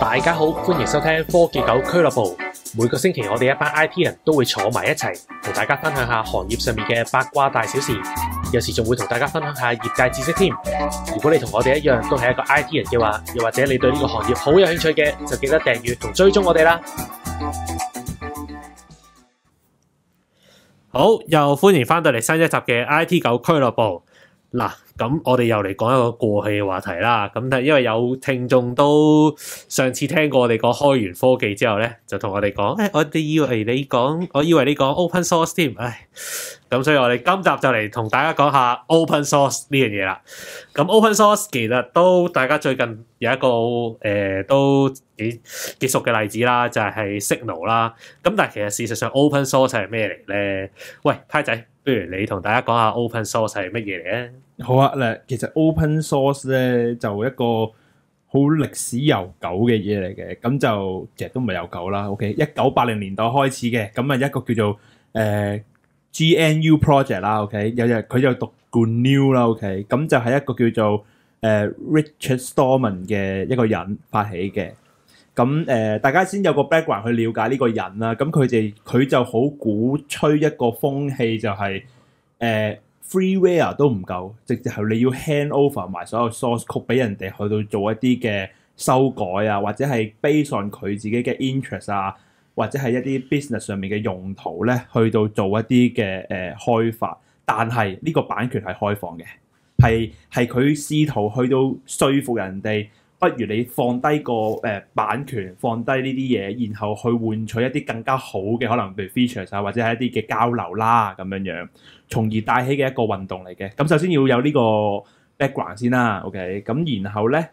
大家好，歡迎收聽科技狗俱樂部。每個星期我哋一班 IT 人都會坐埋一齊，同大家分享下行業上面嘅八卦大小事，有時仲會同大家分享下業界知識添。如果你同我哋一樣都係一個 IT 人嘅話，又或者你對呢個行業好有興趣嘅，就記得訂閱同追蹤我哋啦。好，又歡迎翻到嚟新一集嘅 IT 狗俱樂部嗱。咁我哋又嚟講一個過去嘅話題啦。咁但係因為有聽眾都上次聽過我哋講開源科技之後咧，就同我哋講，誒，我哋以為你講，我以為你講 open source 添。唉，咁所以我哋今集就嚟同大家講下 open source 呢樣嘢啦。咁 open source 其實都大家最近有一個誒都幾結熟嘅例子啦，就係 signal 啦。咁但係其實事實上 open source 係咩嚟咧？喂，派仔，不如你同大家講下 open source 係乜嘢嚟咧？好啊，嗱，其實 open source 咧就一個好歷史悠久嘅嘢嚟嘅，咁就其實都唔係悠久啦。OK，一九八零年代開始嘅，咁啊一個叫做誒 GNU Project 啦，OK，有日佢就讀 Good New 啦，OK，咁就係一個叫做誒 Richard Stallman 嘅一個人發起嘅。咁誒，大家先有個 background 去了解呢個人啦。咁佢哋佢就好鼓吹一個風氣，就係誒。Freeware 都唔夠，直接係你要 hand over 埋所有 source code 俾人哋去到做一啲嘅修改啊，或者係 base 上佢自己嘅 interest 啊，或者係一啲 business 上面嘅用途咧，去到做一啲嘅誒開發，但係呢、這個版權係開放嘅，係係佢試圖去到說服人哋。不如你放低個誒、呃、版權，放低呢啲嘢，然後去換取一啲更加好嘅，可能譬如 features 啊，或者係一啲嘅交流啦，咁樣樣，從而帶起嘅一個運動嚟嘅。咁首先要有呢個 background 先啦，OK。咁然後咧，誒、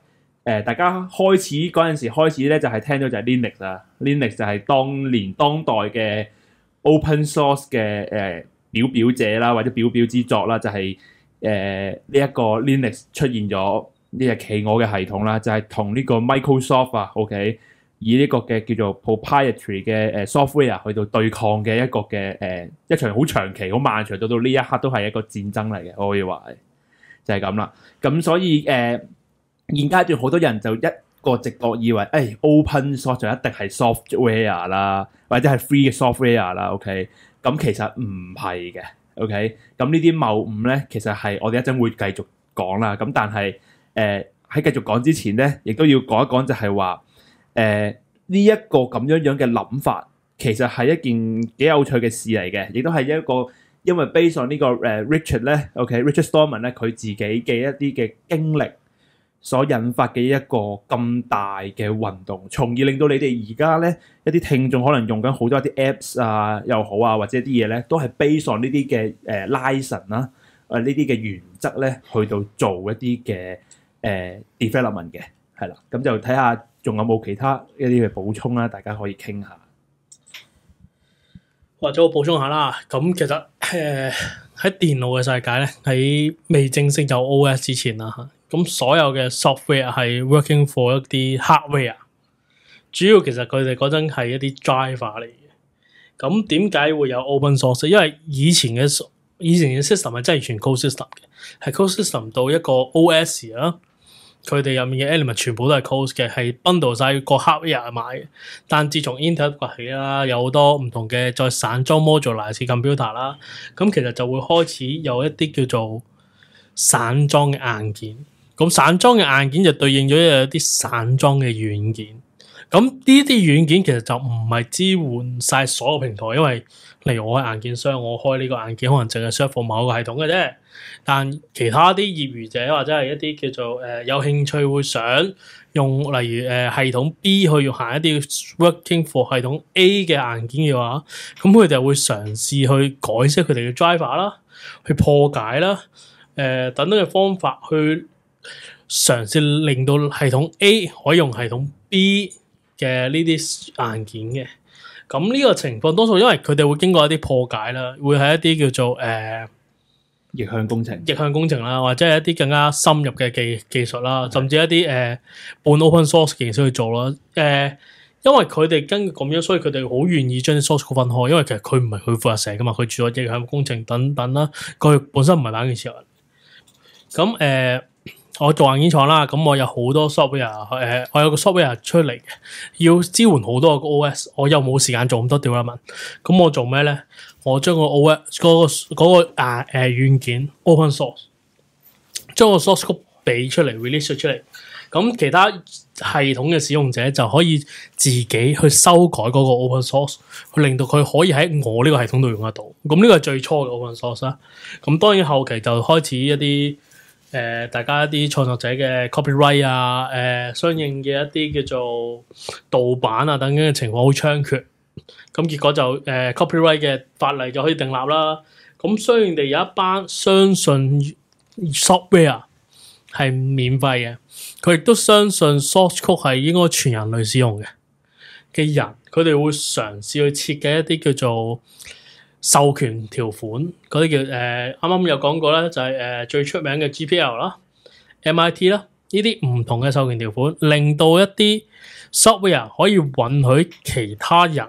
呃、大家開始嗰陣時開始咧，就係、是、聽到就係 Linux 啊，Linux 就係當年當代嘅 open source 嘅誒、呃、表表者啦，或者表表之作啦，就係誒呢一個 Linux 出現咗。呢隻企鵝嘅系統啦，就係同呢個 Microsoft 啊，OK，以呢個嘅叫做 proprietary 嘅誒 software 去到對抗嘅一個嘅誒、呃、一場好長期、好漫長，到到呢一刻都係一個戰爭嚟嘅，我可以話就係咁啦。咁所以誒、呃，現階段好多人就一個直覺以為，誒、哎、open source 就一定係 software 啦，或者係 free 嘅 software 啦，OK。咁其實唔係嘅，OK。咁呢啲謬誤咧，其實係、okay? 嗯、我哋一陣會繼續講啦。咁、嗯、但係，誒喺、呃、繼續講之前咧，亦都要講一講就，就係話誒呢一個咁樣樣嘅諗法，其實係一件幾有趣嘅事嚟嘅，亦都係一個因為 based on、這個呃、呢個誒 Richard 咧，OK Richard Stallman 咧，佢自己嘅一啲嘅經歷所引發嘅一個咁大嘅運動，從而令到你哋而家咧一啲聽眾可能用緊好多一啲 apps 啊又好啊，或者啲嘢咧都係 based on 呢啲嘅 license 啦啊呢啲嘅原則咧去到做一啲嘅。誒、呃、development 嘅係啦，咁就睇下仲有冇其他一啲嘅補充啦，大家可以傾下。或者我早補充下啦，咁其實誒喺、呃、電腦嘅世界咧，喺未正式有 O S 之前啦，咁所有嘅 software 係 working for 一啲 hardware，主要其實佢哋嗰陣係一啲 driver 嚟嘅。咁點解會有 open source？因為以前嘅以前嘅 system 係真係全 closed system 嘅，係 closed system 到一個 O S 啊。佢哋入面嘅 element 全部都係 close 嘅，係 bundle 曬個 hardware 買。但自從 Intel 崛起啦，有好多唔同嘅再散裝 module 嚟設計 build 啦，咁其實就會開始有一啲叫做散裝嘅硬件。咁散裝嘅硬件就對應咗一啲散裝嘅軟件。咁呢啲軟件其實就唔係支援晒所有平台，因為例如我係硬件商，我開呢個硬件可能淨係 support 某一個系統嘅啫。但其他啲業餘者或者係一啲叫做誒、呃、有興趣會想用，例如誒、呃、系統 B 去行一啲 working for 系統 A 嘅硬件嘅話，咁佢哋會嘗試去改寫佢哋嘅 driver 啦，去破解啦，誒、呃、等等嘅方法去嘗試令到系統 A 可以用系統 B。嘅呢啲硬件嘅，咁、這、呢個情況多數因為佢哋會經過一啲破解啦，會喺一啲叫做誒、呃、逆向工程、逆向工程啦，或者係一啲更加深入嘅技技術啦，是的 甚至一啲誒半 open source 技術去做咯。誒、呃，因為佢哋根據咁樣，所以佢哋好願意將啲 source code 分開，因為其實佢唔係佢負責寫噶嘛，佢做咗逆向工程等等啦，佢本身唔係冷嘅事物。咁、呃、誒。我做硬件廠啦，咁我有好多 software，誒、呃，我有個 software 出嚟，要支援好多個 OS，我又冇時間做咁多調咁，我做咩咧？我將個 OS 嗰、嗰個嗰、嗰個啊誒軟件 open source，將個 source code 俾出嚟 release 出嚟，咁其他系統嘅使用者就可以自己去修改嗰個 open source，去令到佢可以喺我呢個系統度用得到。咁呢個係最初嘅 open source 啦。咁當然後期就開始一啲。誒、呃，大家一啲創作者嘅 copyright 啊，誒、呃，相應嘅一啲叫做盜版啊等等嘅情況好猖獗，咁、嗯、結果就誒、呃、copyright 嘅法例就可以定立啦。咁雖然哋有一班相信 software 係免費嘅，佢亦都相信 source code 係應該全人類使用嘅嘅人，佢哋會嘗試去設計一啲叫做授權條款嗰啲叫誒，啱、呃、啱有講過咧，就係、是、誒、呃、最出名嘅 GPL 啦、MIT 啦，呢啲唔同嘅授權條款令到一啲 software 可以允許其他人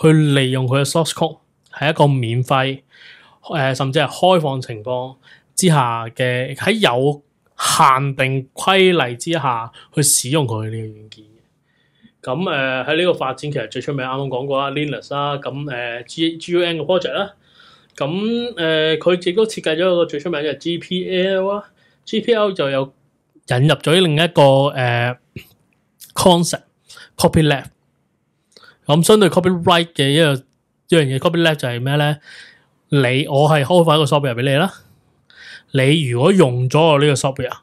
去利用佢嘅 source code，係一個免費誒、呃，甚至係開放情況之下嘅喺有限定規例之下去使用佢呢個軟件。咁誒喺呢個發展其實最出名，啱啱講過 Linux，啊 l i、啊、n u s 啦，咁誒 G GUN 嘅 project 啦，咁誒佢亦都設計咗一個最出名嘅 GPL 啊，GPL 就有引入咗另一個誒 concept，copy left。咁、啊啊、相對 copyright 嘅一樣一樣嘢，copy left 就係咩咧？你我係開放一個 software 俾你啦，你如果用咗我呢個 software，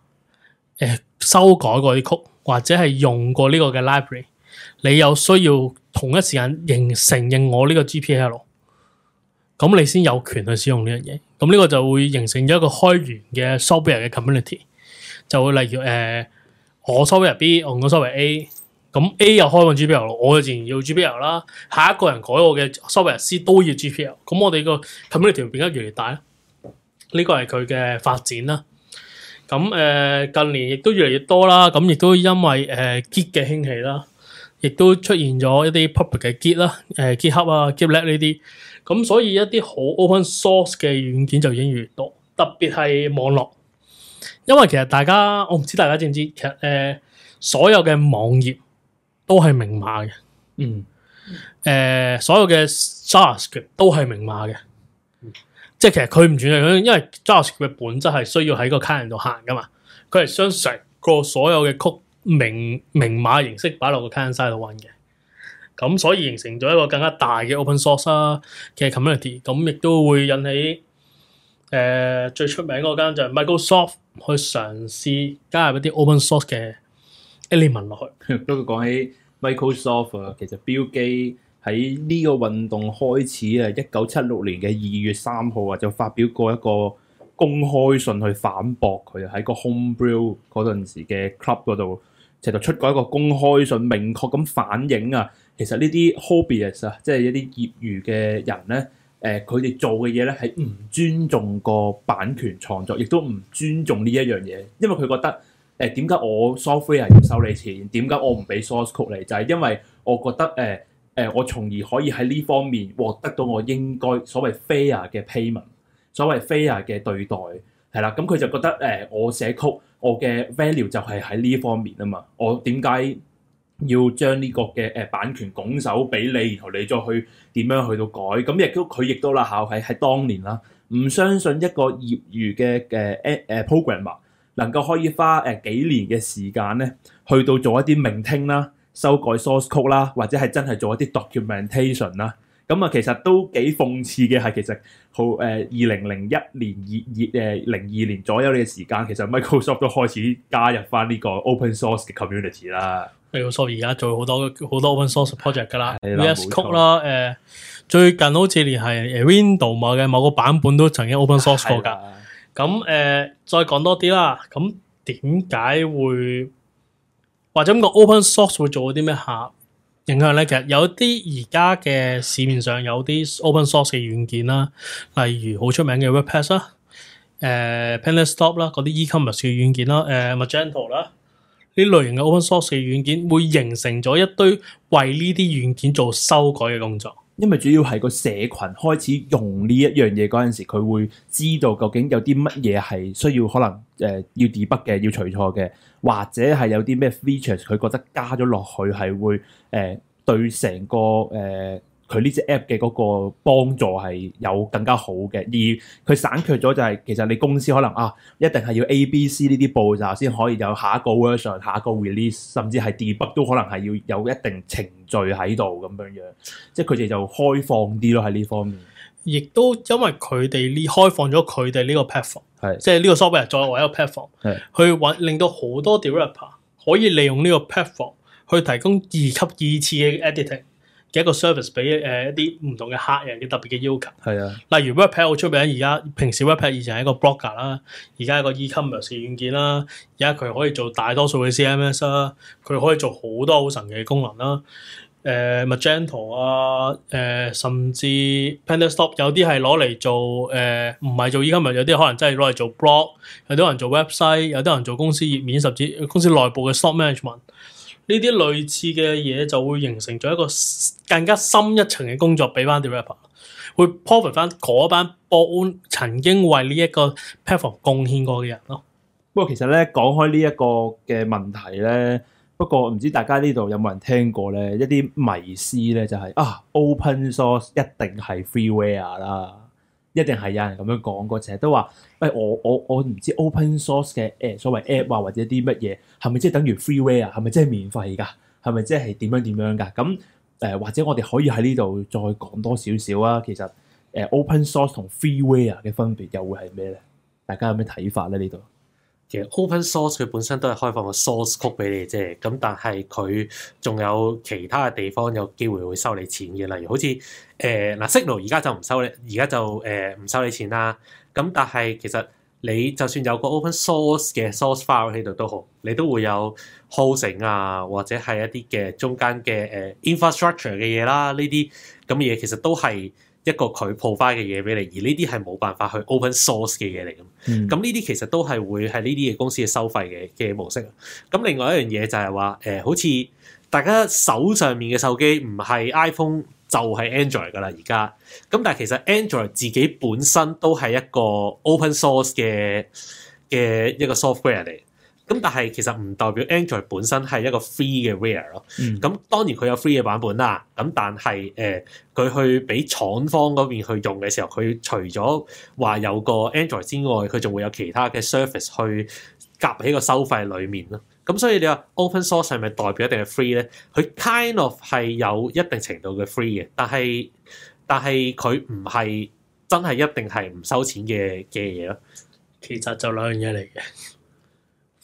誒修改過啲 code，或者係用過呢個嘅 library。你有需要同一時間認承認我呢個 GPL，咁你先有權去使用呢樣嘢。咁呢個就會形成咗一個開源嘅 software 嘅 community，就會例如誒、呃、我 software B，我 software A，咁 A 又開個 GPL，我自然要 GPL 啦。下一個人改我嘅 software C 都要 GPL。咁我哋個 community 會變得越嚟越大咧。呢、這個係佢嘅發展啦。咁誒、呃、近年亦都越嚟越多啦。咁亦都因為誒 Git 嘅興起啦。亦都出現咗一啲 public 嘅 Git 啦，誒 GitHub 啊，GitLab 呢啲，咁所以一啲好 open source 嘅軟件就已經越嚟越多，特別係網絡，因為其實大家我唔知大家知唔知，其實誒、呃、所有嘅網頁都係明碼嘅，嗯，誒、呃、所有嘅 JavaScript 都係明碼嘅，嗯、即係其實佢唔傳遞佢，因為 JavaScript 嘅本質係需要喺個 client 度行噶嘛，佢係想成個所有嘅曲。明明碼形式擺落個 Cyanide、SI、度玩嘅，咁所以形成咗一個更加大嘅 Open Source 啦嘅 Community，咁亦都會引起誒、呃、最出名嗰間就係 Microsoft 去嘗試加入一啲 Open Source 嘅 element 落去。不過講起 Microsoft，其實 Bill Gates 喺呢個運動開始啊，一九七六年嘅二月三號啊，就發表過一個公開信去反駁佢喺個 Homebrew 陣陣時嘅 Club 度。就出過一個公開信，明確咁反映啊，其實呢啲 hobbyist 啊，即係一啲業餘嘅人咧，誒佢哋做嘅嘢咧係唔尊重個版權創作，亦都唔尊重呢一樣嘢，因為佢覺得誒點解我 software 要收你錢？點解我唔俾 source code 嚟？」就係、是、因為我覺得誒誒、呃呃、我從而可以喺呢方面獲得到我應該所謂 fair 嘅 payment，所謂 fair 嘅對待，係啦，咁、嗯、佢就覺得誒、呃、我寫 code。我嘅 value 就係喺呢方面啊嘛，我點解要將呢個嘅誒版權拱手俾你，然後你再去點樣去到改？咁亦都佢亦都啦，考係喺當年啦，唔相信一個業餘嘅嘅誒誒 programmer 能夠可以花誒幾年嘅時間咧，去到做一啲聆聽啦、修改 source code 啦，或者係真係做一啲 documentation 啦。咁啊，其實都幾諷刺嘅，係其實好誒，二零零一年二二誒零二年左右嘅時間，其實 Microsoft 都開始加入返呢個 open source 嘅 community 啦。Microsoft 而家做好多好多 open source project 㗎啦，VS Code 啦，誒最近好似連係 Windows 某嘅某個版本都曾經 open source 過㗎。咁誒的、呃，再講多啲啦。咁點解會或者咁個 open source 會做啲咩客？影響咧，其實有啲而家嘅市面上有啲 open source 嘅軟件啦、啊，例如好出名嘅 w、啊呃啊、WordPress 啦、誒 PanelStop 啦、嗰啲 e-commerce 嘅軟件啦、啊、誒 Magento 啦，呢、啊、類型嘅 open source 嘅軟件會形成咗一堆為呢啲軟件做修改嘅工作。因為主要係個社群開始用呢一樣嘢嗰陣時，佢會知道究竟有啲乜嘢係需要可能誒、呃、要 debug 嘅、要除錯嘅，或者係有啲咩 features 佢覺得加咗落去係會誒、呃、對成個誒。呃佢呢隻 app 嘅嗰個幫助係有更加好嘅，而佢省卻咗就係、是、其實你公司可能啊一定係要 A、B、C 呢啲步驟先可以有下一個 version、下一個 release，甚至係 debug 都可能係要有一定程序喺度咁樣樣，即係佢哋就開放啲咯喺呢方面。亦都因為佢哋呢開放咗佢哋呢個 platform，是即係呢個 software 作為一個 platform，是去令到好多 developer 可以利用呢個 platform 去提供二級二次嘅 editing。嘅一個 service 俾誒一啲唔同嘅客人嘅特別嘅要求，係啊的，例如 WordPress 好出名，而家平時 WordPress 以前係一個 blogger 啦，而家一個 e-commerce 軟件啦，而家佢可以做大多數嘅 CMS 啦，佢可以做好多好神奇嘅功能啦，誒、呃、Magento 啊，誒、呃、甚至 Pandastop 有啲係攞嚟做誒唔係做 e-commerce，有啲可能真係攞嚟做 blog，有啲人做 website，有啲人做公司頁面甚至公司內部嘅 shop management。呢啲類似嘅嘢就會形成咗一個更加深一層嘅工作俾翻 developer，會 profit 翻嗰班僕安曾經為呢一個 platform 貢獻過嘅人咯。不過其實咧講開呢一個嘅問題咧，不過唔知大家呢度有冇人聽過咧，一啲迷思咧就係啊，open source 一定係 freeware 啦。一定係有人咁樣講過，成日都話：喂、欸，我我我唔知 open source 嘅 a、呃、所謂 app 啊、嗯呃，或者啲乜嘢係咪即係等於 freeware 啊？係咪即係免費㗎？係咪即係點樣點樣㗎？咁誒或者我哋可以喺呢度再講多少少啊？其實誒、呃、open source 同 freeware 嘅分別又會係咩咧？大家有咩睇法咧？呢度？其實 open source 佢本身都係開放個 source code 俾你啫，咁但係佢仲有其他嘅地方有機會會收你錢嘅，例如好似誒嗱、呃、Signal 而家就唔收你，而家就誒唔、呃、收你錢啦。咁但係其實你就算有個 open source 嘅 source file 喺度都好，你都會有 hosting 啊，或者係一啲嘅中間嘅誒 infrastructure 嘅嘢啦，呢啲咁嘅嘢其實都係。一個佢 po 翻嘅嘢俾你，而呢啲係冇辦法去 open source 嘅嘢嚟㗎。咁呢啲其實都係會係呢啲嘅公司嘅收費嘅嘅模式。咁另外一樣嘢就係話，誒、呃、好似大家手上面嘅手機唔係 iPhone 就係 Android 噶啦。而家咁但係其實 Android 自己本身都係一個 open source 嘅嘅一個 software 嚟。咁但係其實唔代表 Android 本身係一個 free 嘅 ware 咯、嗯。咁當然佢有 free 嘅版本啦。咁但係誒佢去俾廠方嗰邊去用嘅時候，佢除咗話有個 Android 之外，佢仲會有其他嘅 surface 去夾喺個收費裏面咯。咁、嗯、所以你話 open source 係咪代表一定係 free 咧？佢 kind of 係有一定程度嘅 free 嘅，但係但係佢唔係真係一定係唔收錢嘅嘅嘢咯。其實就兩樣嘢嚟嘅。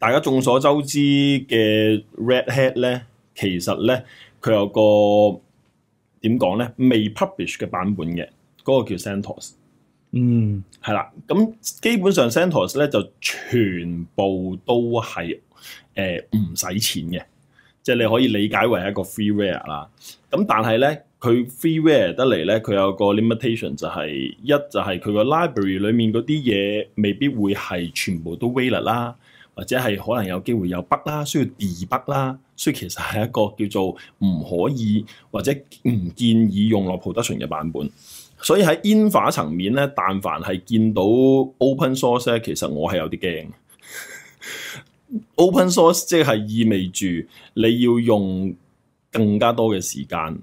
大家眾所周知嘅 Red Hat 咧，其實咧佢有個點講咧未 publish 嘅版本嘅，嗰、那個叫 CentOS。嗯，係啦，咁基本上 CentOS 咧就全部都係誒唔使錢嘅，即係你可以理解為一個 freeware 啦。咁但係咧佢 freeware 得嚟咧，佢有個 limitation 就係、是、一就係佢個 library 裡面嗰啲嘢未必會係全部都 valid 啦。或者係可能有機會有 bug 啦，需要 debug 啦，所以其實係一個叫做唔可以或者唔建議用落 production 嘅版本。所以喺 infer 層面咧，但凡係見到 Open Source 咧，其實我係有啲驚。 Open Source 即係意味住你要用更加多嘅時間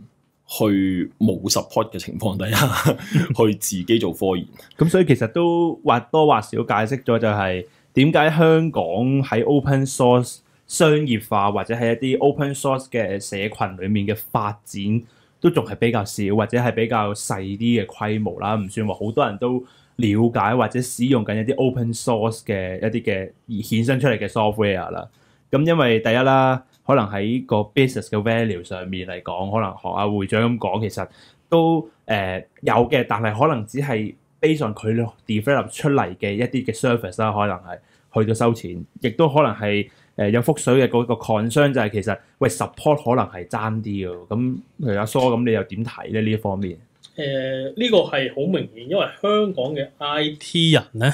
去冇 support 嘅情況底下， 去自己做科研。咁所以其實都或多或少解釋咗，就係、是。點解香港喺 open source 商業化或者係一啲 open source 嘅社群裡面嘅發展都仲係比較少，或者係比較細啲嘅規模啦？唔算話好多人都了解或者使用緊一啲 open source 嘅一啲嘅而衍生出嚟嘅 software 啦。咁因為第一啦，可能喺個 business 嘅 value 上面嚟講，可能學阿會長咁講，其實都誒有嘅，但係可能只係。基上佢 develop 出嚟嘅一啲嘅 service 啦，可能係去到收錢，亦都可能係誒、呃、有覆水嘅嗰個 concern，就係其實喂 support 可能係爭啲嘅。咁、嗯、譬如阿蘇咁，你又點睇咧呢一方面？誒呢、呃這個係好明顯，因為香港嘅 IT 人咧，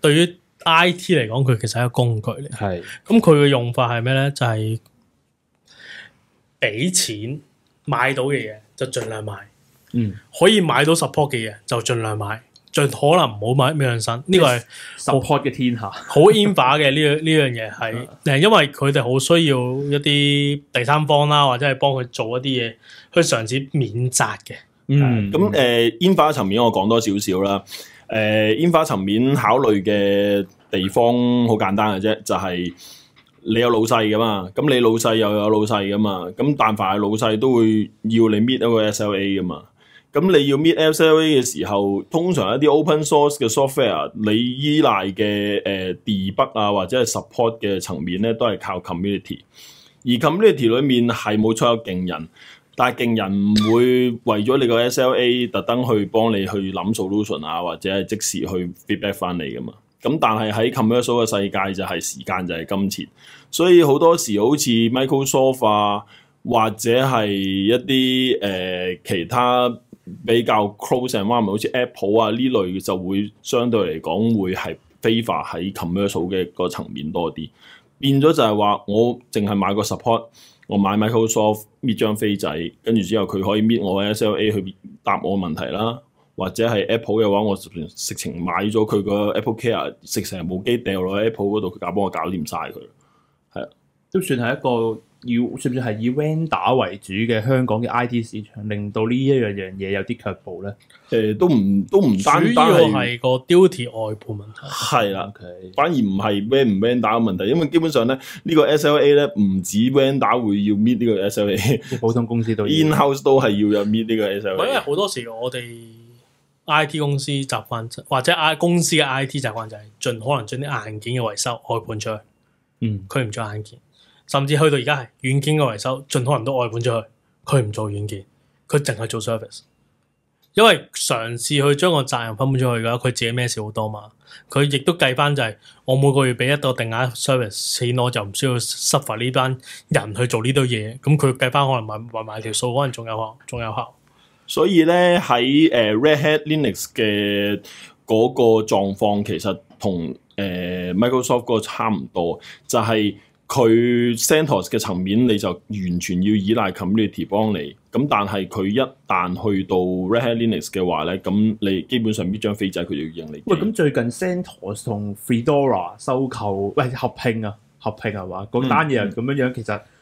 對於 IT 嚟講，佢其實係一個工具嚟。係咁佢嘅用法係咩咧？就係、是、俾錢買到嘅嘢就盡量買，嗯，可以買到 support 嘅嘢就盡量買。就可能唔好買美容身，呢個係受 u o t 嘅天下，好煙花嘅呢樣呢樣嘢係，誒，因為佢哋好需要一啲第三方啦，或者係幫佢做一啲嘢去嘗試免責嘅。嗯，咁誒、嗯呃、煙花層面我講多少少啦，誒、呃、煙花層面考慮嘅地方好簡單嘅啫，就係、是、你有老細噶嘛，咁你老細又有老細噶嘛，咁但凡，凡老細都會要你搣一個 SLA 噶嘛。咁你要 meet SLA 嘅時候，通常一啲 open source 嘅 software，你依賴嘅誒 debug 啊，或者係 support 嘅層面咧，都係靠 community。而 community 裏面係冇出有勁人，但係勁人唔會為咗你個 SLA 特登去幫你去諗 solution 啊，或者係即時去 feedback 翻你噶嘛。咁但係喺 commercial 嘅世界就係時間就係金錢，所以好多時好似 Microsoft 啊，或者係一啲誒、呃、其他。比較 close and warm，好似 Apple 啊呢類嘅就會相對嚟講會係 favor 喺 commercial 嘅個層面多啲。變咗就係話我淨係買個 support，我買 Microsoft 搣張飛仔，跟住之後佢可以搣我嘅 SLA 去答我問題啦。或者係 Apple 嘅話，我直情買咗佢個 Apple Care，成部機掉落去 Apple 嗰度，佢搞幫我搞掂晒佢。係啊，都算係一個。要算唔算係以 vendor 為主嘅香港嘅 IT 市場，令到呢一樣樣嘢有啲卻步咧？誒、呃，都唔都唔單，單，主要係個 duty 外判問題係啦，的 okay. 反而唔係 vendor 嘅問題，因為基本上咧呢個 SLA 咧唔止 vendor 會要搣呢個 SLA，普通公司都要 in house 都係要有搣呢個 SLA，因為好多時我哋 IT 公司習慣或者 I 公司嘅 IT 習慣就係盡可能將啲硬件嘅維修外判出去，嗯，佢唔做硬件。甚至去到而家係軟件嘅維修，盡可能都外判出去。佢唔做軟件，佢淨係做 service。因為嘗試去將個責任分佈出去嘅話，佢自己孭少好多嘛。佢亦都計翻就係，我每個月俾一個定額 service 錢，我就唔需要 suffer 呢班人去做呢堆嘢。咁佢計翻可能買埋條數，可能仲有效，仲有效。所以咧喺誒 Red Hat Linux 嘅嗰個狀況，其實同誒 Microsoft 個差唔多，就係、是。佢 CentOS 嘅層面你就完全要依賴 community 幫你，咁但係佢一旦去到 Red Hat Linux 嘅話咧，咁你基本上呢張飛仔佢就已經嚟。喂，咁最近 CentOS 同 Fedora 收購，喂，合拼啊，合拼係嘛？個單嘢咁樣樣，嗯嗯、其實。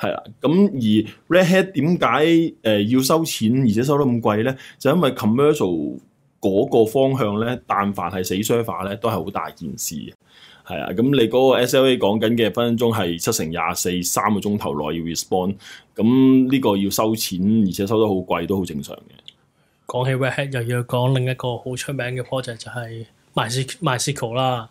係啦，咁而 Red Hat 點解誒要收錢，而且收得咁貴咧？就因為 commercial 嗰個方向咧，但凡係死衰化咧，都係好大件事嘅。係啊，咁你嗰個 SLA 講緊嘅分分鐘係七乘廿四三個鐘頭內要 respond，咁呢個要收錢，而且收得好貴都好正常嘅。講起 Red Hat 又要講另一個好出名嘅 project 就係 MySQL，MySQL 啦。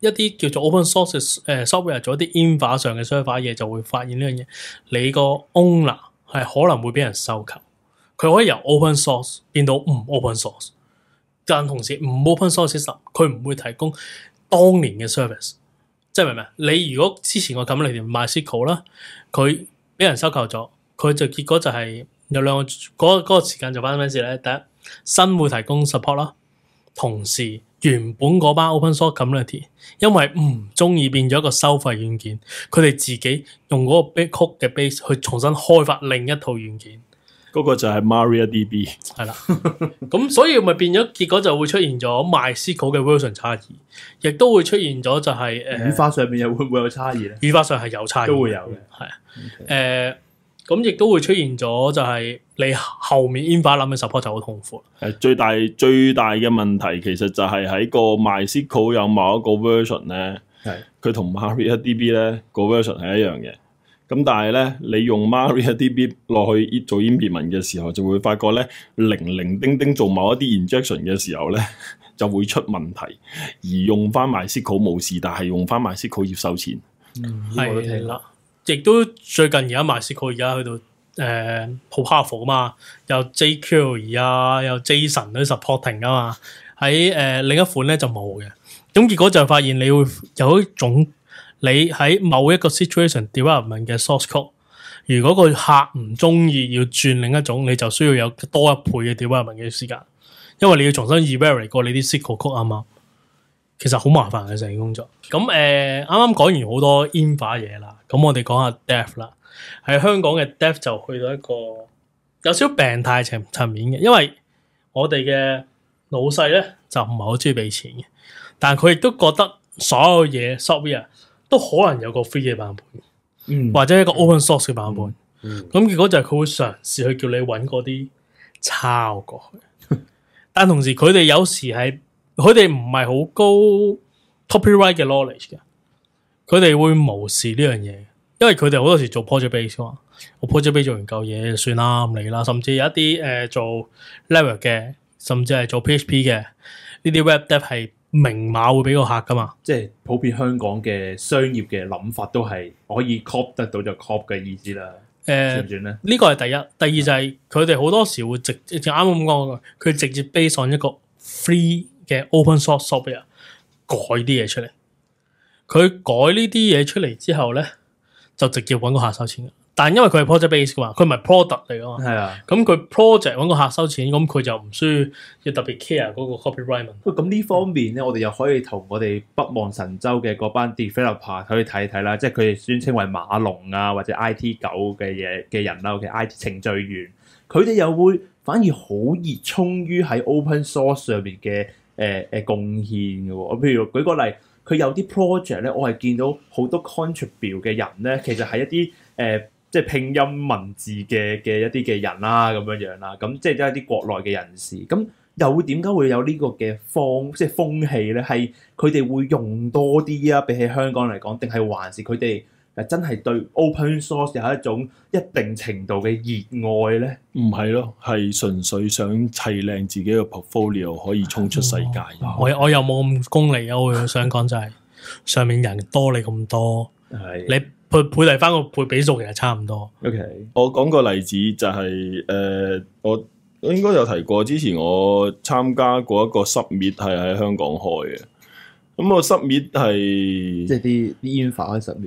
一啲叫做 open source 誒 software 做一啲 infa 上嘅 server 嘢，就會發現呢樣嘢，你個 owner 係可能會俾人收購，佢可以由 open source 變到唔 open source，但同時唔 open source 時，佢唔會提供當年嘅 service，即係明唔明？啊，你如果之前我咁嚟條 MySQL 啦，佢俾人收購咗，佢就結果就係有兩個嗰、嗰個嗰個時間就發生咩事咧？第一，新會提供 support 啦，同時。原本嗰班 Open Source community 因為唔中意變咗一個收費軟件，佢哋自己用嗰個 big cook 嘅 base 去重新開發另一套軟件。嗰個就係 MariaDB 了。係啦，咁所以咪變咗，結果就會出現咗 MySQL 嘅 version 差異，亦都會出現咗就係、是、誒。呃、語法上面又會唔會有差異咧？語法上係有差異，都會有嘅。係誒對，咁亦 Okay.、呃、都會出現咗就係、是。你後面煙花諗嘅 support 就好痛苦。誒，最大最大嘅問題其實就係喺個 MySQL 有某一個 version 咧，係佢同的 MariaDB 咧、個 version 係一樣嘅。咁但係咧，你用 MariaDB 落去做 Embedding 嘅時候，就會發覺咧零零丁丁做某一啲 Injection 嘅時候咧，就會出問題。而用翻 MySQL 冇事，但係用翻 MySQL 要收錢。嗯，我都聽啦。亦都最近而家 MySQL 而家去到。誒，好 powerful，呃、嘛，有 jQuery 啊，又 Jason 嗰啲 supporting 啊嘛，喺誒、呃、另一款咧就冇嘅。咁、嗯、結果就發現你會有一種你喺某一個 situation development 嘅 source code，如果個客唔中意要轉另一種，你就需要有多一倍嘅 development 嘅時間，因為你要重新 reverify 過你啲 SQL code 啊嘛，其實好麻煩嘅成件工作。咁誒啱啱講完好多 infra 嘢啦，咁我哋講下 dev 啦。喺香港嘅 dev 就去到一個有少少病態層層面嘅，因為我哋嘅老細咧就唔係好中意俾錢嘅，但係佢亦都覺得所有嘢 software，啊、都可能有個 free 嘅版本，或者一個 open source 嘅版本。咁、嗯嗯、結果就係佢會嘗試去叫你搵嗰啲抄過去，但同時佢哋有時係佢哋唔係好高 copyright 嘅 knowledge 嘅，佢哋會無視呢樣嘢。因為佢哋好多時做 project based 嘛，我 project based 做研究嘢算啦，唔理啦。甚至有一啲誒、呃、做 level 嘅，甚至係做 PHP 嘅呢啲 web dev 係明碼會俾個客噶嘛。即係普遍香港嘅商業嘅諗法都係可以 cop 得到就 cop 嘅意思啦。呃、算唔算咧？呢個係第一，第二就係佢哋好多時會直接啱啱咁講佢直接 base on 一個 free 嘅 open source software 改啲嘢出嚟。佢改呢啲嘢出嚟之後咧，就直接揾個客收錢嘅，但係因為佢係 project base 嘅嘛，佢唔係 product 嚟嘅嘛，咁佢、啊、project 揾個客收錢，咁佢就唔需要特別 care 嗰個 copyright、嗯。咁呢方面咧，嗯、我哋又可以同我哋北望神州嘅嗰班 developer 可以睇睇啦，即係佢哋宣稱為馬龍啊或者 IT 九嘅嘢嘅人啦、啊，嘅、okay, IT 程序員，佢哋又會反而好熱衷於喺 open source 上面嘅誒誒貢獻嘅喎、啊，譬如我舉個例。佢有啲 project 咧，我係見到好多 contribute 嘅人咧，其實係一啲誒、呃，即係拼音文字嘅嘅一啲嘅人啦、啊，咁樣樣、啊、啦，咁即係都係啲國內嘅人士。咁又會點解會有呢個嘅風，即係風氣咧？係佢哋會用多啲啊，比起香港嚟講，定係還是佢哋？誒，真係對 open source 有一種一定程度嘅熱愛咧，唔係咯，係純粹想砌靚自己嘅 portfolio 可以衝出世界我，我我又冇咁功利啊！我想講就係、是、 上面人多你咁多，的你配配嚟翻個配比數其實差唔多。OK 我講個例子就係、是、誒、呃，我應該有提過之前我參加過一個濕滅係喺香港開嘅，咁個濕滅係即係啲啲煙花喺濕滅。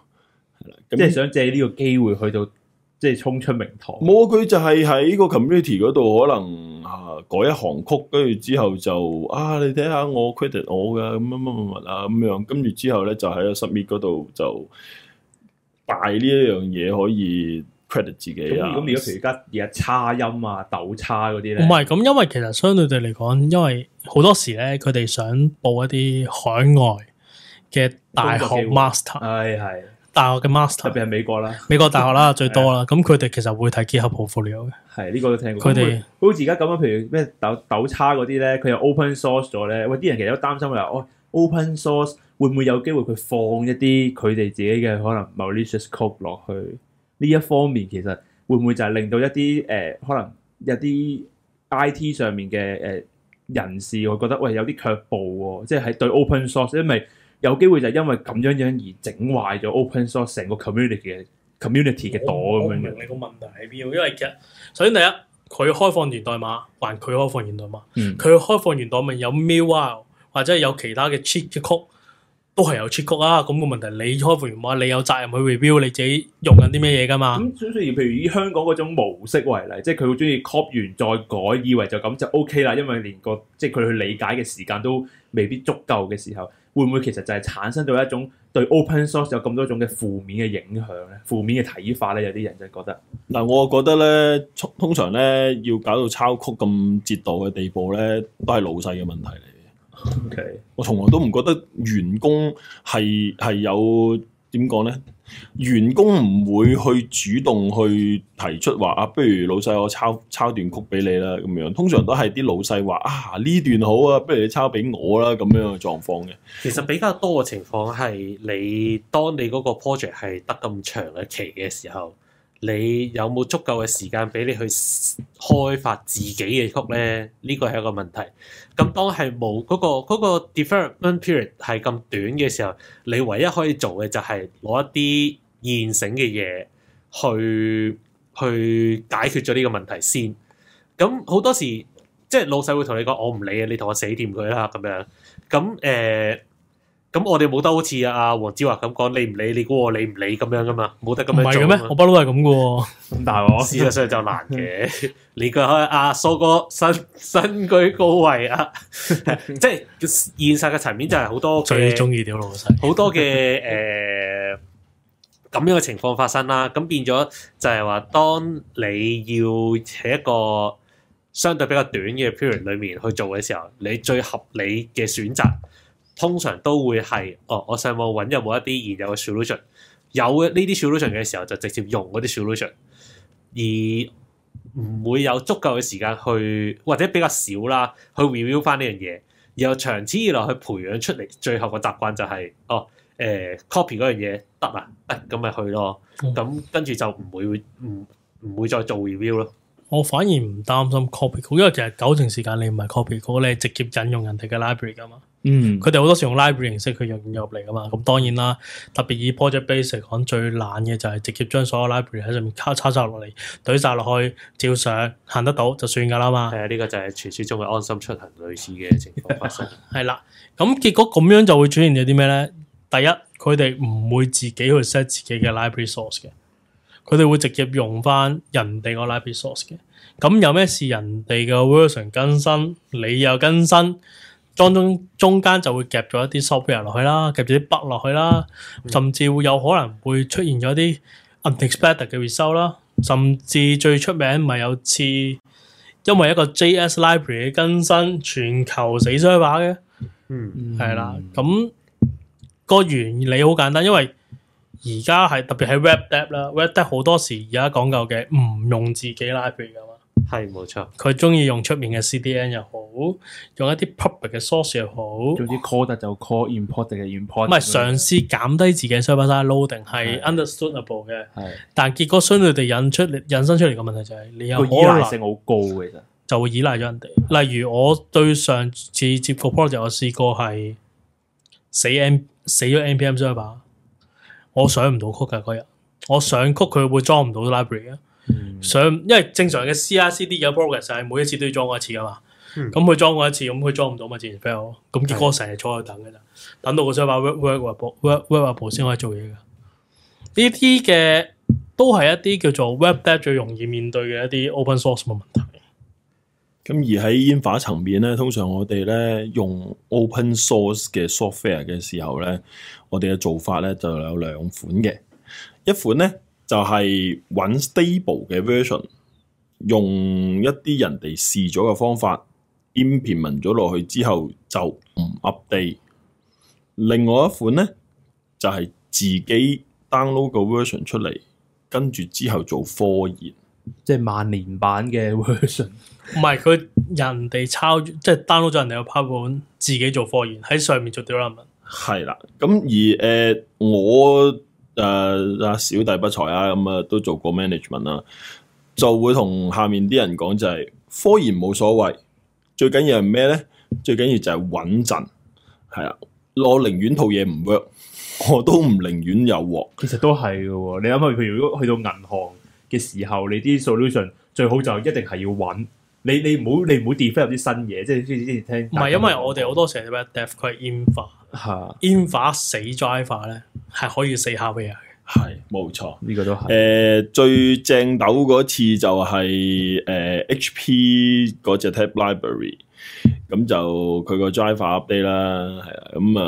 即係想借呢個機會去到，即係衝出名堂。冇，佢就係喺個 community 嗰度，可能啊改一行曲，跟住之後就啊，你睇下我 credit 我噶，咁乜乜乜乜啊咁樣，跟住之後咧就喺 sub 個 submit 嗰度就大呢一樣嘢可以 credit 自己啊。咁你果而家而家差音啊、抖差嗰啲咧，唔係咁，因為其實相對地嚟講，因為好多時咧，佢哋想報一啲海外嘅大學 master，係係。哎哎哎大學嘅 master，特別係美國啦，美國大學啦 最多啦。咁佢哋其實會睇結合 portfolio 嘅。係呢、呢個都聽過。佢哋們好似而家咁啊，譬如咩抖抖叉嗰啲咧，佢又 open source 咗咧。喂，啲人其實都擔心話，喂、哦，open source 會唔會有機會佢放一啲佢哋自己嘅可能 malicious code 落去呢一方面，其實會唔會就係令到一啲誒、呃、可能有啲 IT 上面嘅誒人士會覺得喂有啲卻步、哦，即、就、係、係、對 open source，因為。有機會就因為咁樣樣而整壞咗 open source 成個 community, community 嘅 community 嘅袋咁樣樣。你個問題喺邊？因為其實首先第一，佢開放源代碼還佢開放源代碼，佢開放源代碼，開放代碼，開放代碼有 mill while 或者有其他嘅 cheap 嘅曲都係有 cheap 曲啊。咁個問題，你開放源碼，你有責任去 review 你自己用緊啲咩嘢噶嘛？咁、嗯、所以譬如以香港嗰種模式為例，即係佢好中意 copy 完再改，以為就咁就 OK 啦，因為連個即係佢去理解嘅時間都未必足夠嘅時候。會唔會其實就係產生到一種對 open source 有咁多種嘅負面嘅影響咧？負面嘅睇法咧，有啲人真係覺得。嗱，我覺得咧，通常咧要搞到抄曲咁折墮嘅地步咧，都係老細嘅問題嚟嘅。OK，我從來都唔覺得員工係係有點講咧。員工唔會去主動去提出話啊，不如老細我抄抄段曲俾你啦咁樣。通常都係啲老細話，啊，呢段好啊，不如你抄俾我啦咁樣嘅狀況嘅。其實比較多嘅情況係你當你嗰個 project 係得咁長嘅期嘅時候。你有冇足夠嘅時間俾你去開發自己嘅曲咧？呢個係一個問題。咁當係冇嗰個、嗰個、development period 係咁短嘅時候，你唯一可以做嘅就係攞一啲現成嘅嘢去去解決咗呢個問題先。咁好多時即係、就是、老細會同你講：我唔理啊，你同我死掂佢啦咁樣。咁誒。呃咁我哋冇得好似阿阿黃子華咁講，你唔理你估我理唔理咁樣噶嘛？冇得咁樣做。咩？我不嬲係咁噶喎。咁 但係試咗出嚟就難嘅。你、 啊、個阿蘇哥身身居高位啊， 即係現實嘅層面就係好多。最中意屌老師。好多嘅誒咁樣嘅情況發生啦。咁變咗就係話，當你要喺一個相對比較短嘅 period 裏面去做嘅時候，你最合理嘅選擇。通常都會係哦，我上網揾有冇一啲現有嘅 solution，有嘅呢啲 solution 嘅時候就直接用嗰啲 solution，而唔會有足夠嘅時間去，或者比較少啦，去 review 翻呢樣嘢。然後長此以來去培養出嚟，最後個習慣就係、是、哦，誒 copy 嗰樣嘢得啦，得咁咪去咯。咁、嗯、跟住就唔會唔唔會再做 review 咯。我反而唔擔心 copy，因為其實九成時間你唔係 copy，你係直接引用人哋嘅 library 噶嘛。嗯，佢哋好多時用 library 形式去用入嚟噶嘛，咁當然啦。特別以 project basic 講，最懶嘅就係直接將所有 library 喺上面叉晒落嚟，懟晒落去照相，行得到就算噶啦嘛。係啊，呢、這個就係傳說中嘅安心出行類似嘅情況發生。係啦， 咁結果咁樣就會出現咗啲咩咧？第一，佢哋唔會自己去 set 自己嘅 library source 嘅，佢哋會直接用翻人哋個 library source 嘅。咁有咩事？人哋嘅 version 更新，你又更新。當中中間就會夾咗一啲 software 落去啦，夾住啲 bug 落去啦，甚至會有可能會出現咗啲 unexpected 嘅 result 啦，甚至最出名咪有次因為一個 JS library 嘅更新，全球死衰話嘅，嗯、mm，係、hmm. 啦，咁、那個原理好簡單，因為而家係特別係 web dev 啦，web dev 好多時而家講究嘅唔用自己 library 嘅。係冇錯，佢中意用出面嘅 CDN 又好，用一啲 public 嘅 source 又好，用啲 code 就 call import 定係 import，唔係嘗試減低自己嘅 server loading 係 understandable 嘅。係，但結果相對地引出、引申出嚟嘅問題就係、是、你有依賴性好高嘅，其實就會依賴咗人哋。的例如我對上次接個 project，我試過係死 M 死咗 npm server，我上唔到 code 嘅嗰日，我上 code，佢會裝唔到 library 啊。上，嗯、因為正常嘅 CI/CD 嘅 progress 係每一次都要裝過一次噶嘛，咁佢裝過一次，咁佢裝唔到咪自然 fail，咁結果成日坐喺度等嘅咋，的等到我想把 web、web 阿 web We、w We 先可以做嘢噶。呢啲嘅都係一啲叫做 web dev 最容易面對嘅一啲 open source 嘅問題。咁而喺研發層面咧，通常我哋咧用 open source 嘅 software 嘅時候咧，我哋嘅做法咧就有兩款嘅，一款咧。就係揾 stable 嘅 version，用一啲人哋試咗嘅方法，implement 咗落去之後就唔 update。另外一款咧，就係、是、自己 download 個 version 出嚟，跟住之後做科研，即係萬年版嘅 version。唔係佢人哋抄，即、就、係、是、download 咗人哋嘅 paper，自己做科研喺上面做 discussion。係啦，咁而誒、呃、我。誒、啊，小弟不才啊，咁、嗯、啊都做過 management 啦、啊，就會同下面啲人講就係、是、科研冇所謂，最緊要係咩咧？最緊要就係穩陣，係啦、啊。我寧願套嘢唔 work，我都唔寧願有鑊。其實都係嘅，你諗下佢如果去到銀行嘅時候，你啲 solution 最好就一定係要穩。你你唔好你唔好 defer 入啲新嘢，即係即係之前聽。唔係是，樣因為我哋好多時咩 defer in f 法，in f 法死 driver 咧係可以四下嘅。係，冇錯，呢個都係。誒、呃，最正斗嗰次就係、是、誒、呃、HP 嗰隻 tab library 咁就佢個 driver update 啦，係、呃、啊，咁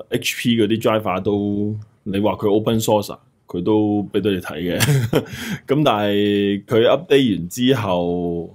啊 HP 嗰啲 driver 都你話佢 open source，佢都俾到你睇嘅。咁 但係佢 update 完之後。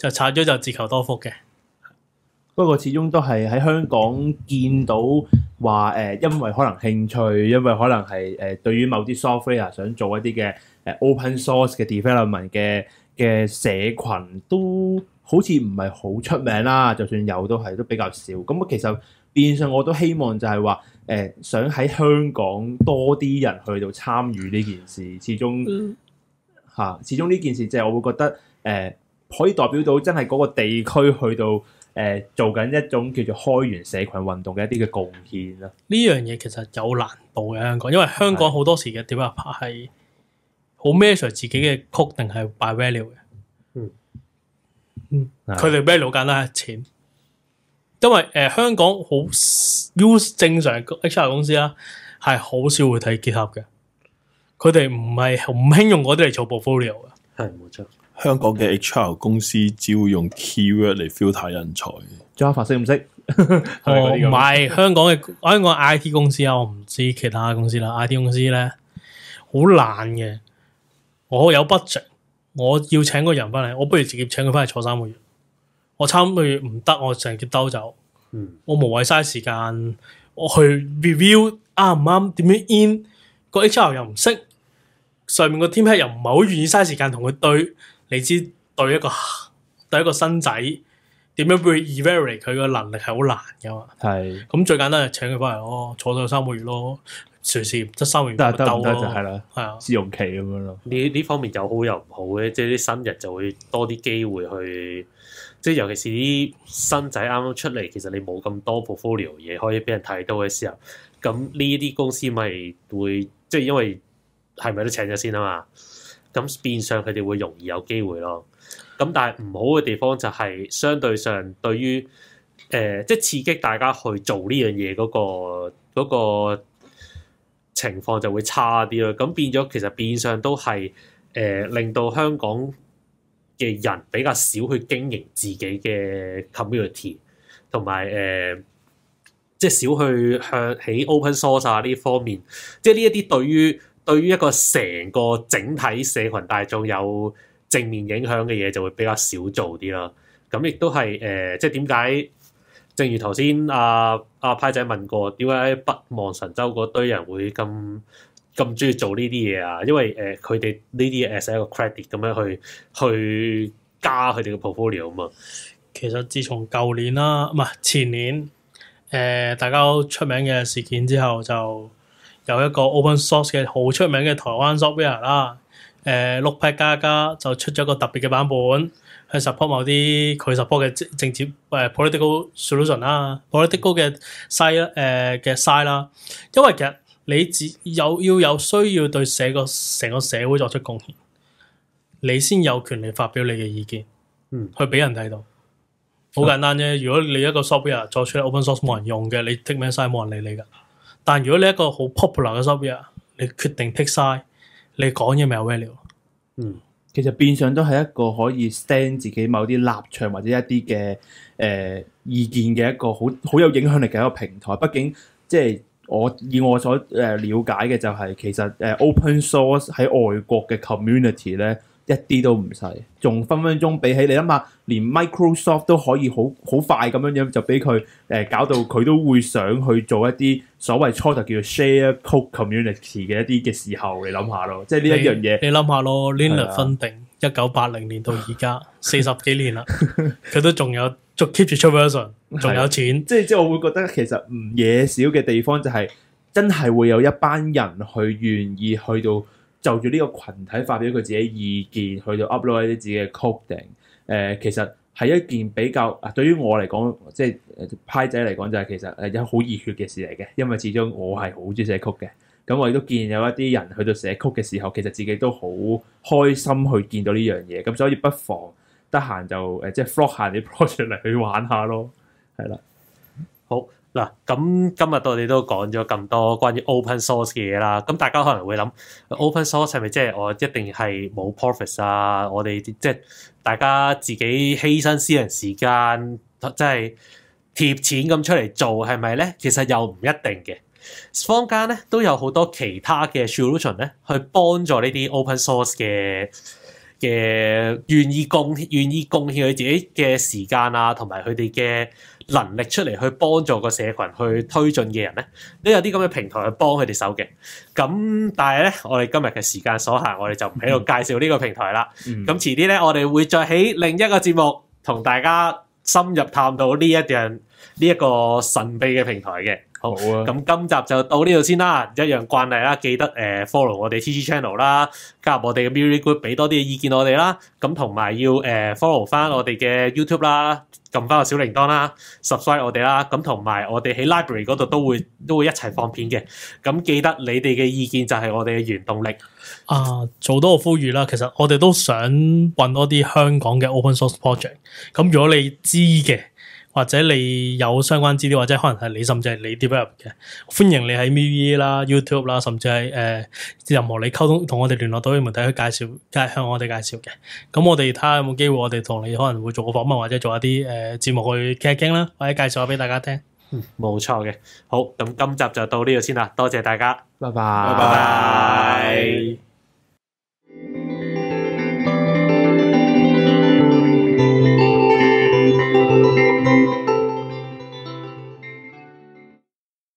就拆咗就自求多福嘅。不過始終都係喺香港見到話誒、呃，因為可能興趣，因為可能係誒、呃，對於某啲 software 想做一啲嘅誒 open source 嘅 development 嘅嘅社群，都好似唔係好出名啦。就算有都，都係都比較少。咁其實變相我都希望就係話誒，想喺香港多啲人去到參與呢件事。始終吓、嗯啊，始終呢件事即係我會覺得誒。呃可以代表到真係嗰個地區去到誒、呃、做緊一種叫做開源社群運動嘅一啲嘅貢獻啊！呢樣嘢其實有難度嘅，香港，因為香港好多時嘅點啊拍係好 measure 自己嘅曲定係 by value 嘅。嗯嗯的，佢哋 value 簡單係錢，因為誒、呃、香港好 use 正常 HR 公司啦，係好少會睇結合嘅，佢哋唔係唔輕用嗰啲嚟做 portfolio 嘅。係冇錯。香港嘅 H R 公司只會用 keyword 嚟 filter 人才，張發識唔識？哦，唔係，香港嘅 我講 I T 公司啊，我唔知其他公司啦。 I T 公司咧好懶嘅，我有 budget，我要請個人翻嚟，我不如直接請佢翻嚟坐三個月，我差三個月唔得，我成日都兜走。嗯，我無謂嘥時間，我去 review 啱唔啱，點樣 in，個 H R 又唔識，上面個 team 又唔係好願意嘥時間同佢對。你知對一個對一個新仔點樣 reverify 佢個能力係好難噶嘛？係咁，是最簡單係請佢翻嚟咯，坐咗三個月咯，隨時即係三個月不鬥咯，係啊，試用期咁樣咯。呢呢方面有好有唔好嘅，即係啲新人就會多啲機會去，即係尤其是啲新仔啱啱出嚟，其實你冇咁多 portfolio 嘢可以俾人睇到嘅時候，咁呢啲公司咪會即係因為係咪都請咗先啊嘛？咁變相佢哋會容易有機會咯，咁但係唔好嘅地方就係相對上對於誒、呃、即係刺激大家去做呢樣嘢嗰個嗰個情況就會差啲咯。咁變咗其實變相都係誒、呃、令到香港嘅人比較少去經營自己嘅 community，同埋誒、呃、即係少去向起 open source 啊呢方面，即係呢一啲對於。對於一個成個整體社群大眾有正面影響嘅嘢，就會比較少做啲咯。咁亦都係誒、呃，即係點解？正如頭先阿阿派仔問過，點解北望神州嗰堆人會咁咁鍾意做呢啲嘢啊？因為誒，佢哋呢啲嘢係一個 credit 咁樣去去加佢哋嘅 portfolio 啊嘛。其實自從舊年啦，唔係前年，誒、呃、大家都出名嘅事件之後就。有一個 open source 嘅好出名嘅台灣 software 啦、呃，誒 Notepad 加加就出咗個特別嘅版本去 support 某啲佢 support 嘅政治 political solution 啦，political 嘅 side 誒嘅 side 啦，因為其實你只有要有需要對社個成個社會作出貢獻，你先有權利發表你嘅意見，嗯，去俾人睇到好簡單啫。如果你一個 software 作出嚟 open source 冇人用嘅，你 take 咩 side 冇人理你㗎。但如果你一個好 popular 嘅收入，你決定剔曬，你講嘢咪有 value？嗯，其實變相都係一個可以 stand 自己某啲立場或者一啲嘅誒意見嘅一個好好有影響力嘅一個平台。畢竟即係我以我所誒瞭、呃、解嘅就係、是、其實誒、呃、open source 喺外國嘅 community 咧。一啲都唔使，仲分分鐘比起你諗下，連 Microsoft 都可以好好快咁樣樣就俾佢誒搞到佢都會想去做一啲所謂初頭叫做 Share Code Community 嘅一啲嘅時候，你諗下咯，即係呢一樣嘢。你諗下咯，Linux 分定一九八零年到而家四十幾年啦，佢 都仲有做 Keep 住出 version，仲有錢，即係即係我會覺得其實唔嘢少嘅地方就係、是、真係會有一班人去願意去到。就住呢個群體發表佢自己意見，去到 upload 一啲自己嘅曲定，誒其實係一件比較，啊、對於我嚟講，即係派仔嚟講就係其實係一件好熱血嘅事嚟嘅，因為始終我係好鍾意寫曲嘅，咁我亦都見有一啲人去到寫曲嘅時候，其實自己都好開心去見到呢樣嘢，咁、呃、所以不妨得閒就誒、呃、即係 flock 下啲 project 嚟去玩下咯，係啦，好。嗱咁今日我哋都講咗咁多關於 open source 嘅嘢啦，咁大家可能會諗 open source 係咪即係我一定係冇 profits 啊？我哋即係大家自己犧牲私人時間，即係貼錢咁出嚟做係咪咧？其實又唔一定嘅。坊間咧都有好多其他嘅 solution 咧，去幫助呢啲 open source 嘅嘅願意貢願意貢獻佢自己嘅時間啊，同埋佢哋嘅能力出嚟去幫助個社群去推進嘅人咧，都有啲咁嘅平台去幫佢哋手嘅。咁但係咧，我哋今日嘅時間所限，我哋就唔喺度介紹呢個平台啦。咁遲啲咧，我哋會再喺另一個節目同大家深入探討呢一樣呢一個神秘嘅平台嘅。好，好啊。咁今集就到呢度先啦。一樣慣例啦，記得誒、呃、follow 我哋 TG Channel 啦，加入我哋嘅 Mirror Group，俾多啲嘅意見我哋啦。咁同埋要誒、呃、follow 翻我哋嘅 YouTube 啦。撳翻個小鈴鐺啦，subscribe 我哋啦，咁同埋我哋喺 library 嗰度都會都會一齊放片嘅。咁記得你哋嘅意見就係我哋嘅原動力啊！做多個呼籲啦，其實我哋都想揾多啲香港嘅 open source project。咁如果你知嘅，或者你有相關資料，或者可能係你甚至係你 develop 嘅，歡迎你喺 m v u 啦、YouTube 啦，甚至係誒，任何你溝通，同我哋聯絡到嘅媒體去介紹，介向我哋介紹嘅。咁我哋睇下有冇機會，我哋同你可能會做個訪問，或者做一啲誒、呃、節目去傾一傾啦，或者介紹俾大家聽。嗯，冇錯嘅。好，咁今集就到呢度先啦。多謝大家，拜拜。